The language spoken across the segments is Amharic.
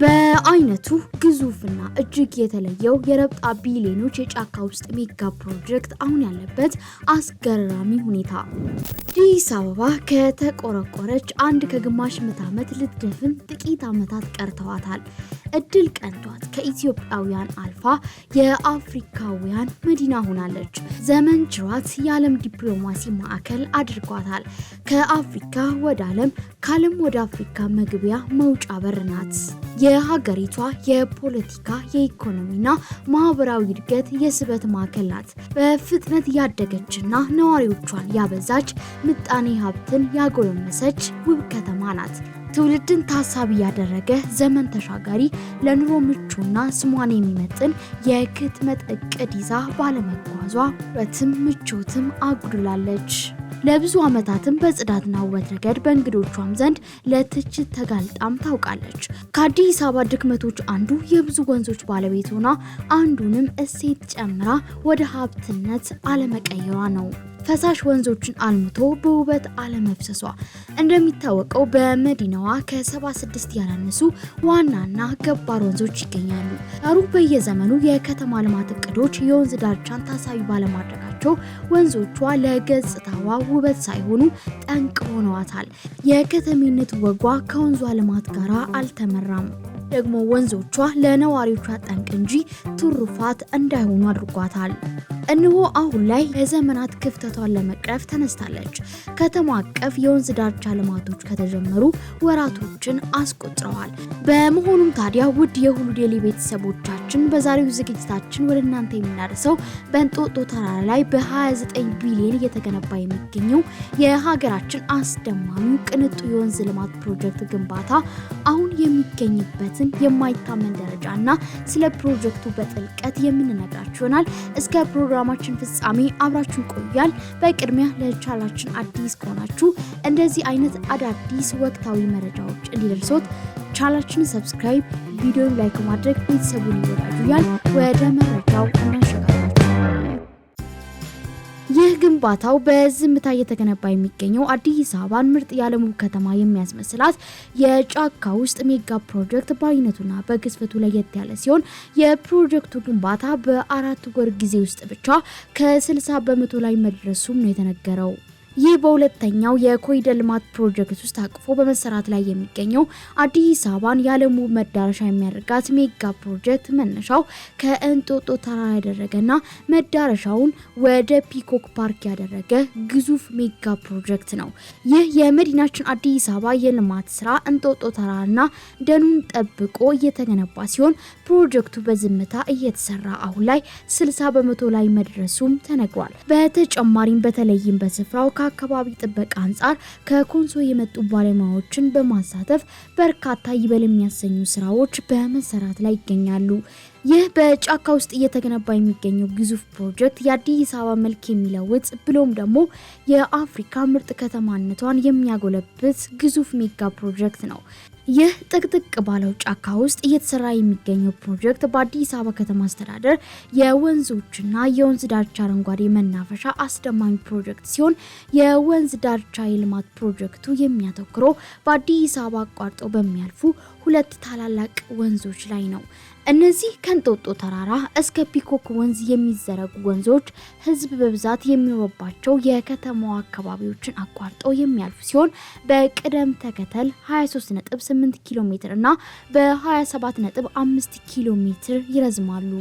be አይነቱ ግዙፍና እጅግ የተለየው የረብጣ ቢሊዮኖች የጫካ ውስጥ ሜጋ ፕሮጀክት አሁን ያለበት አስገራሚ ሁኔታ አዲስ አበባ ከተቆረቆረች አንድ ከግማሽ ምዕተ ዓመት ልትደፍን ጥቂት ዓመታት ቀርተዋታል። እድል ቀንቷት ከኢትዮጵያውያን አልፋ የአፍሪካውያን መዲና ሆናለች። ዘመን ችሯት የዓለም ዲፕሎማሲ ማዕከል አድርጓታል። ከአፍሪካ ወደ ዓለም፣ ከዓለም ወደ አፍሪካ መግቢያ መውጫ በር ናት። የሀገሪቱ የፖለቲካ የኢኮኖሚና ማህበራዊ እድገት የስበት ማዕከል ናት። በፍጥነት ያደገችና ነዋሪዎቿን ያበዛች ምጣኔ ሀብትን ያጎለመሰች ውብ ከተማ ናት። ትውልድን ታሳቢ ያደረገ ዘመን ተሻጋሪ ለኑሮ ምቹና ስሟን የሚመጥን የክትመት እቅድ ይዛ ባለመጓዟ ውበትም ምቾትም አጉድላለች። ለብዙ ዓመታትም በጽዳትና ውበት ረገድ በእንግዶቿም ዘንድ ለትችት ተጋልጣም ታውቃለች። ከአዲስ አበባ ድክመቶች አንዱ የብዙ ወንዞች ባለቤት ሆና አንዱንም እሴት ጨምራ ወደ ሀብትነት አለመቀየሯ ነው። ፈሳሽ ወንዞችን አልምቶ በውበት አለመፍሰሷ። እንደሚታወቀው በመዲናዋ ከ76 ያላነሱ ዋናና ገባር ወንዞች ይገኛሉ። ዳሩ በየዘመኑ የከተማ ልማት እቅዶች የወንዝ ዳርቻን ታሳቢ ባለማድረጋቸው ወንዞቿ ለገጽታዋ ውበት ሳይሆኑ ጠንቅ ሆነዋታል። የከተሜነት ወጓ ከወንዟ ልማት ጋር አልተመራም። ደግሞ ወንዞቿ ለነዋሪዎቿ ጠንቅ እንጂ ትሩፋት እንዳይሆኑ አድርጓታል። እንሆ አሁን ላይ የዘመናት ክፍተቷን ለመቅረፍ ተነስታለች። ከተማ አቀፍ የወንዝ ዳርቻ ልማቶች ከተጀመሩ ወራቶችን አስቆጥረዋል። በመሆኑም ታዲያ ውድ የሁሉ ዴይሊ ቤተሰቦቻችን በዛሬው ዝግጅታችን ወደ እናንተ የምናደርሰው በእንጦጦ ተራራ ላይ በ29 ቢሊዮን እየተገነባ የሚገኘው የሀገራችን አስደማሚ ቅንጡ የወንዝ ልማት ፕሮጀክት ግንባታ አሁን የሚገኝበትን የማይታመን ደረጃና ስለ ፕሮጀክቱ በጥልቀት የምንነግራችሁ ይሆናል። እስከ ፕሮግራም ፕሮግራማችን ፍጻሜ አብራችሁ ይቆያል። በቅድሚያ ለቻላችን አዲስ ከሆናችሁ እንደዚህ አይነት አዳዲስ ወቅታዊ መረጃዎች እንዲደርሶት ቻላችን ሰብስክራይብ፣ ቪዲዮ ላይክ ማድረግ ቤተሰቡን ይወዳጁያል። ወደ መረጃው እናሸጋል። ይህ ግንባታው በዝምታ እየተገነባ የሚገኘው አዲስ አበባን ምርጥ የዓለሙ ከተማ የሚያስመስላት የጫካ ውስጥ ሜጋ ፕሮጀክት በአይነቱና በግዝፈቱ ለየት ያለ ሲሆን የፕሮጀክቱ ግንባታ በአራት ወር ጊዜ ውስጥ ብቻ ከ60 በመቶ ላይ መድረሱም ነው የተነገረው። ይህ በሁለተኛው የኮሪደር ልማት ፕሮጀክት ውስጥ አቅፎ በመሰራት ላይ የሚገኘው አዲስ አበባን የዓለሙ መዳረሻ የሚያደርጋት ሜጋ ፕሮጀክት መነሻው ከእንጦጦ ተራራ ያደረገና መዳረሻውን ወደ ፒኮክ ፓርክ ያደረገ ግዙፍ ሜጋ ፕሮጀክት ነው። ይህ የመዲናችን አዲስ አበባ የልማት ስራ እንጦጦ ተራራና ደኑን ጠብቆ እየተገነባ ሲሆን ፕሮጀክቱ በዝምታ እየተሰራ አሁን ላይ 60 በመቶ ላይ መድረሱም ተነግሯል። በተጨማሪም በተለይም በስፍራው ከአካባቢ ጥበቃ አንጻር ከኮንሶ የመጡ ባለሙያዎችን በማሳተፍ በርካታ ይበል የሚያሰኙ ስራዎች በመሰራት ላይ ይገኛሉ። ይህ በጫካ ውስጥ እየተገነባ የሚገኘው ግዙፍ ፕሮጀክት የአዲስ አበባ መልክ የሚለውጥ ብሎም ደግሞ የአፍሪካ ምርጥ ከተማነቷን የሚያጎለብት ግዙፍ ሜጋ ፕሮጀክት ነው። ይህ ጥቅጥቅ ባለው ጫካ ውስጥ እየተሰራ የሚገኘው ፕሮጀክት በአዲስ አበባ ከተማ አስተዳደር የወንዞችና የወንዝ ዳርቻ አረንጓዴ መናፈሻ አስደማሚ ፕሮጀክት ሲሆን የወንዝ ዳርቻ የልማት ፕሮጀክቱ የሚያተኩረው በአዲስ አበባ አቋርጠው በሚያልፉ ሁለት ታላላቅ ወንዞች ላይ ነው። እነዚህ ከእንጦጦ ተራራ እስከ ፒኮክ ወንዝ የሚዘረጉ ወንዞች ህዝብ በብዛት የሚኖርባቸው የከተማዋ አካባቢዎችን አቋርጠው የሚያልፉ ሲሆን በቅደም ተከተል 23.8 ኪሎ ሜትር እና በ27.5 ኪሎ ሜትር ይረዝማሉ።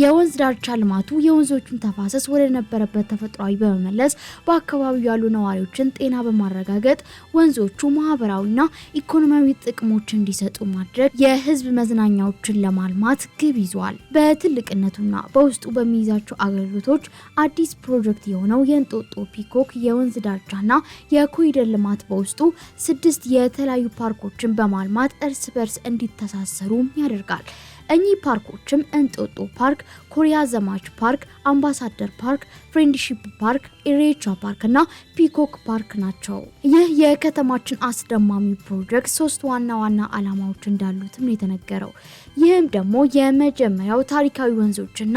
የወንዝ ዳርቻ ልማቱ የወንዞቹን ተፋሰስ ወደ ነበረበት ተፈጥሯዊ በመመለስ በአካባቢው ያሉ ነዋሪዎችን ጤና በማረጋገጥ ወንዞቹ ማህበራዊና ኢኮኖሚያዊ ጥቅሞች እንዲሰጡ ማድረግ የህዝብ መዝናኛዎችን ለማልማት ግብ ይዟል። በትልቅነቱና በውስጡ በሚይዛቸው አገልግሎቶች አዲስ ፕሮጀክት የሆነው የእንጦጦ ፒኮክ የወንዝ ዳርቻና የኮሪደር ልማት በውስጡ ስድስት የተለያዩ ፓርኮችን በማልማት እርስ በርስ እንዲተሳሰሩም ያደርጋል። እኚህ ፓርኮችም እንጦጦ ፓርክ፣ ኮሪያ ዘማች ፓርክ፣ አምባሳደር ፓርክ፣ ፍሬንድሺፕ ፓርክ፣ ኢሬቻ ፓርክ እና ፒኮክ ፓርክ ናቸው። ይህ የከተማችን አስደማሚ ፕሮጀክት ሶስት ዋና ዋና ዓላማዎች እንዳሉትም የተነገረው። ይህም ደግሞ የመጀመሪያው ታሪካዊ ወንዞችና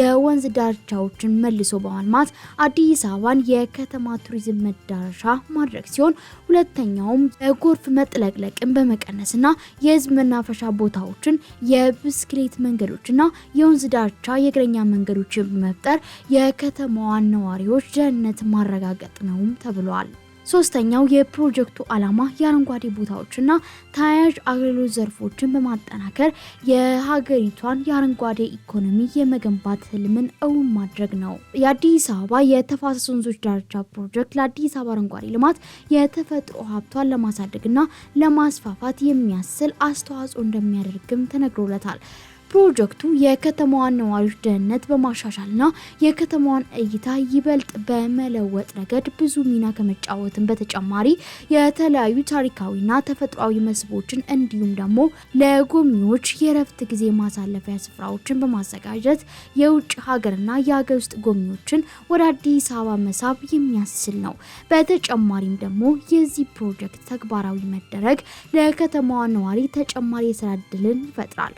የወንዝ ዳርቻዎችን መልሶ በማልማት አዲስ አበባን የከተማ ቱሪዝም መዳረሻ ማድረግ ሲሆን ሁለተኛውም የጎርፍ መጥለቅለቅን በመቀነስና የህዝብ መናፈሻ ቦታዎችን የብ የብስክሌት መንገዶችና የወንዝ ዳርቻ የእግረኛ መንገዶችን በመፍጠር የከተማዋን ነዋሪዎች ደህንነት ማረጋገጥ ነውም ተብሏል። ሶስተኛው የፕሮጀክቱ ዓላማ የአረንጓዴ ቦታዎችና ተያያዥ አገልግሎት ዘርፎችን በማጠናከር የሀገሪቷን የአረንጓዴ ኢኮኖሚ የመገንባት ህልምን እውን ማድረግ ነው። የአዲስ አበባ የተፋሰስ ወንዞች ዳርቻ ፕሮጀክት ለአዲስ አበባ አረንጓዴ ልማት የተፈጥሮ ሀብቷን ለማሳደግና ለማስፋፋት የሚያስችል አስተዋጽኦ እንደሚያደርግም ተነግሮለታል። ፕሮጀክቱ የከተማዋን ነዋሪዎች ደህንነት በማሻሻልና የከተማዋን እይታ ይበልጥ በመለወጥ ረገድ ብዙ ሚና ከመጫወትን በተጨማሪ የተለያዩ ታሪካዊና ተፈጥሯዊ መስህቦችን እንዲሁም ደግሞ ለጎብኚዎች የረፍት ጊዜ ማሳለፊያ ስፍራዎችን በማዘጋጀት የውጭ ሀገርና የሀገር ውስጥ ጎብኚዎችን ወደ አዲስ አበባ መሳብ የሚያስችል ነው። በተጨማሪም ደግሞ የዚህ ፕሮጀክት ተግባራዊ መደረግ ለከተማዋ ነዋሪ ተጨማሪ የስራ እድልን ይፈጥራል።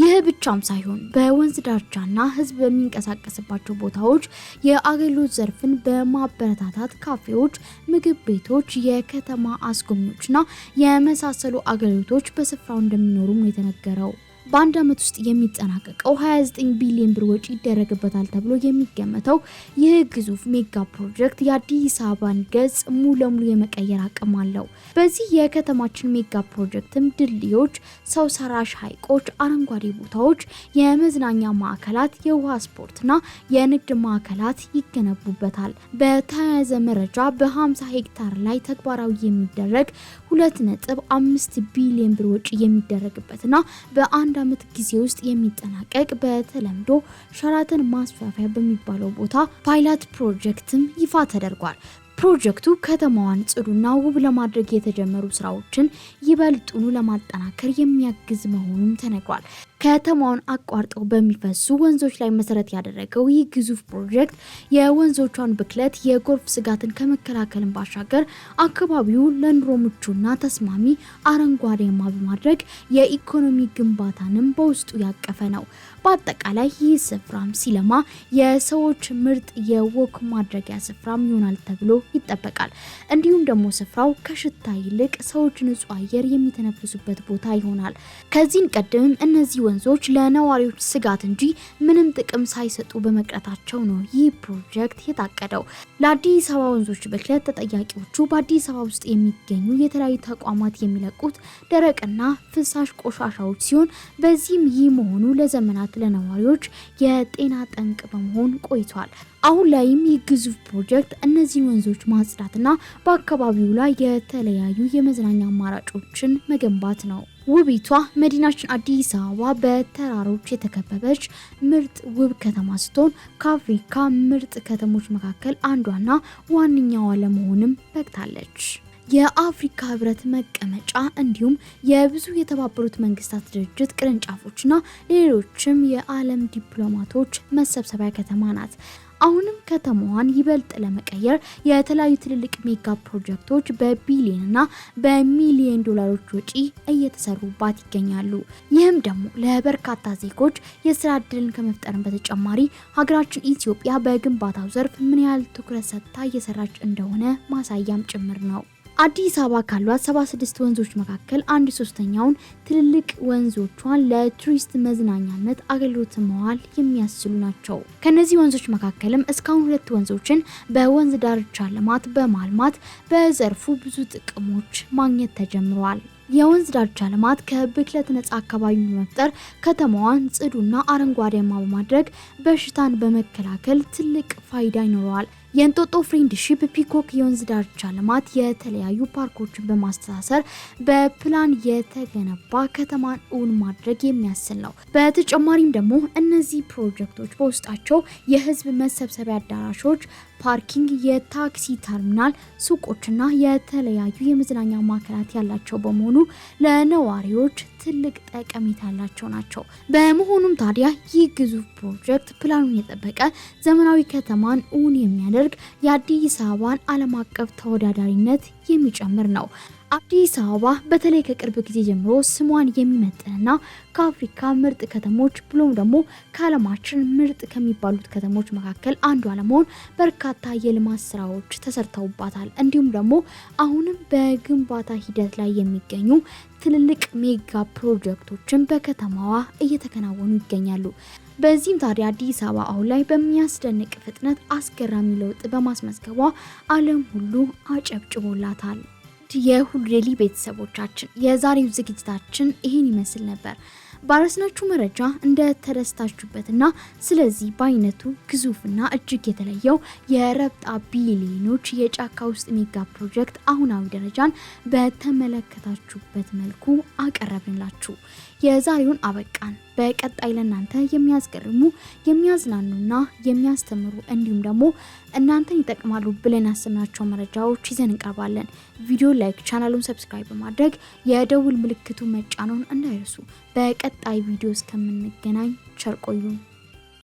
ይህ ብቻም ሳይሆን በወንዝ ዳርቻና ህዝብ በሚንቀሳቀስባቸው ቦታዎች የአገልግሎት ዘርፍን በማበረታታት ካፌዎች፣ ምግብ ቤቶች፣ የከተማ አስጎብኚዎችና የመሳሰሉ አገልግሎቶች በስፍራው እንደሚኖሩም የተነገረው። በአንድ ዓመት ውስጥ የሚጠናቀቀው 29 ቢሊዮን ብር ወጪ ይደረግበታል ተብሎ የሚገመተው ይህ ግዙፍ ሜጋ ፕሮጀክት የአዲስ አበባን ገጽ ሙሉ ለሙሉ የመቀየር አቅም አለው። በዚህ የከተማችን ሜጋ ፕሮጀክትም ድልድዮች፣ ሰው ሰራሽ ሐይቆች፣ አረንጓዴ ቦታዎች፣ የመዝናኛ ማዕከላት፣ የውሃ ስፖርትና የንግድ ማዕከላት ይገነቡበታል። በተያያዘ መረጃ በ50 ሄክታር ላይ ተግባራዊ የሚደረግ ሁለት ነጥብ አምስት ቢሊዮን ብር ወጪ የሚደረግበትና በአንድ ዓመት ጊዜ ውስጥ የሚጠናቀቅ በተለምዶ ሸራተን ማስፋፊያ በሚባለው ቦታ ፓይላት ፕሮጀክትም ይፋ ተደርጓል። ፕሮጀክቱ ከተማዋን ጽዱና ውብ ለማድረግ የተጀመሩ ስራዎችን ይበልጡኑ ለማጠናከር የሚያግዝ መሆኑም ተነግሯል። ከተማውን አቋርጠው በሚፈሱ ወንዞች ላይ መሰረት ያደረገው ይህ ግዙፍ ፕሮጀክት የወንዞቿን ብክለት፣ የጎርፍ ስጋትን ከመከላከልን ባሻገር አካባቢው ለኑሮ ምቹና ተስማሚ አረንጓዴማ በማድረግ የኢኮኖሚ ግንባታንም በውስጡ ያቀፈ ነው። በአጠቃላይ ይህ ስፍራም ሲለማ የሰዎች ምርጥ የወክ ማድረጊያ ስፍራም ይሆናል ተብሎ ይጠበቃል። እንዲሁም ደግሞ ስፍራው ከሽታ ይልቅ ሰዎች ንጹህ አየር የሚተነፍሱበት ቦታ ይሆናል። ከዚህም ቀደም እነዚህ ወንዞች ለነዋሪዎች ስጋት እንጂ ምንም ጥቅም ሳይሰጡ በመቅረታቸው ነው ይህ ፕሮጀክት የታቀደው። ለአዲስ አበባ ወንዞች ብክለት ተጠያቂዎቹ በአዲስ አበባ ውስጥ የሚገኙ የተለያዩ ተቋማት የሚለቁት ደረቅና ፍሳሽ ቆሻሻዎች ሲሆን በዚህም ይህ መሆኑ ለዘመናት ለነዋሪዎች የጤና ጠንቅ በመሆን ቆይቷል። አሁን ላይም ይህ ግዙፍ ፕሮጀክት እነዚህን ወንዞች ማጽዳትና በአካባቢው ላይ የተለያዩ የመዝናኛ አማራጮችን መገንባት ነው። ውቢቷ መዲናችን አዲስ አበባ በተራሮች የተከበበች ምርጥ ውብ ከተማ ስትሆን ከአፍሪካ ምርጥ ከተሞች መካከል አንዷና ዋነኛዋ ለመሆንም በቅታለች። የአፍሪካ ህብረት መቀመጫ እንዲሁም የብዙ የተባበሩት መንግስታት ድርጅት ቅርንጫፎችና ሌሎችም የዓለም ዲፕሎማቶች መሰብሰቢያ ከተማ ናት። አሁንም ከተማዋን ይበልጥ ለመቀየር የተለያዩ ትልልቅ ሜጋ ፕሮጀክቶች በቢሊዮን ና በሚሊዮን ዶላሮች ወጪ እየተሰሩባት ይገኛሉ። ይህም ደግሞ ለበርካታ ዜጎች የስራ እድልን ከመፍጠርን በተጨማሪ ሀገራችን ኢትዮጵያ በግንባታው ዘርፍ ምን ያህል ትኩረት ሰጥታ እየሰራች እንደሆነ ማሳያም ጭምር ነው። አዲስ አበባ ካሏት 76 ወንዞች መካከል አንድ ሶስተኛውን ትልልቅ ወንዞቿን ለቱሪስት መዝናኛነት አገልግሎት መዋል የሚያስችሉ ናቸው። ከነዚህ ወንዞች መካከልም እስካሁን ሁለት ወንዞችን በወንዝ ዳርቻ ልማት በማልማት በዘርፉ ብዙ ጥቅሞች ማግኘት ተጀምረዋል። የወንዝ ዳርቻ ልማት ከብክለት ነጻ አካባቢ በመፍጠር ከተማዋን ጽዱና አረንጓዴማ በማድረግ በሽታን በመከላከል ትልቅ ፋይዳ ይኖረዋል። የእንጦጦ ፍሬንድሺፕ ፒኮክ የወንዝ ዳርቻ ልማት የተለያዩ ፓርኮችን በማስተሳሰር በፕላን የተገነባ ከተማን እውን ማድረግ የሚያስችል ነው። በተጨማሪም ደግሞ እነዚህ ፕሮጀክቶች በውስጣቸው የህዝብ መሰብሰቢያ አዳራሾች፣ ፓርኪንግ፣ የታክሲ ተርሚናል፣ ሱቆችና የተለያዩ የመዝናኛ ማዕከላት ያላቸው በመሆኑ ለነዋሪዎች ትልቅ ጠቀሜታ ያላቸው ናቸው። በመሆኑም ታዲያ ይህ ግዙፍ ፕሮጀክት ፕላኑን የጠበቀ ዘመናዊ ከተማን እውን የሚያደርግ የአዲስ አበባን ዓለም አቀፍ ተወዳዳሪነት የሚጨምር ነው። አዲስ አበባ በተለይ ከቅርብ ጊዜ ጀምሮ ስሟን የሚመጥንና ከአፍሪካ ምርጥ ከተሞች ብሎም ደግሞ ከዓለማችን ምርጥ ከሚባሉት ከተሞች መካከል አንዷ ለመሆን በርካታ የልማት ስራዎች ተሰርተውባታል። እንዲሁም ደግሞ አሁንም በግንባታ ሂደት ላይ የሚገኙ ትልልቅ ሜጋ ፕሮጀክቶችን በከተማዋ እየተከናወኑ ይገኛሉ። በዚህም ታዲያ አዲስ አበባ አሁን ላይ በሚያስደንቅ ፍጥነት አስገራሚ ለውጥ በማስመዝገቧ ዓለም ሁሉ አጨብጭቦላታል። ውድ የሁሉ ዴይሊ ቤተሰቦቻችን የዛሬው ዝግጅታችን ይህን ይመስል ነበር። ባረስናችሁ መረጃ እንደ ተደስታችሁበትና ስለዚህ በአይነቱ ግዙፍና እጅግ የተለየው የረብጣ ቢሊዮኖች የጫካ ውስጥ ሜጋ ፕሮጀክት አሁናዊ ደረጃን በተመለከታችሁበት መልኩ አቀረብንላችሁ። የዛሬውን አበቃን። በቀጣይ ለእናንተ የሚያስገርሙ የሚያዝናኑና የሚያስተምሩ እንዲሁም ደግሞ እናንተን ይጠቅማሉ ብለን ያሰብናቸው መረጃዎች ይዘን እንቀርባለን። ቪዲዮ ላይክ፣ ቻናሉን ሰብስክራይብ በማድረግ የደውል ምልክቱ መጫኖን እንዳይረሱ። በቀጣይ ቪዲዮ እስከምንገናኝ ቸር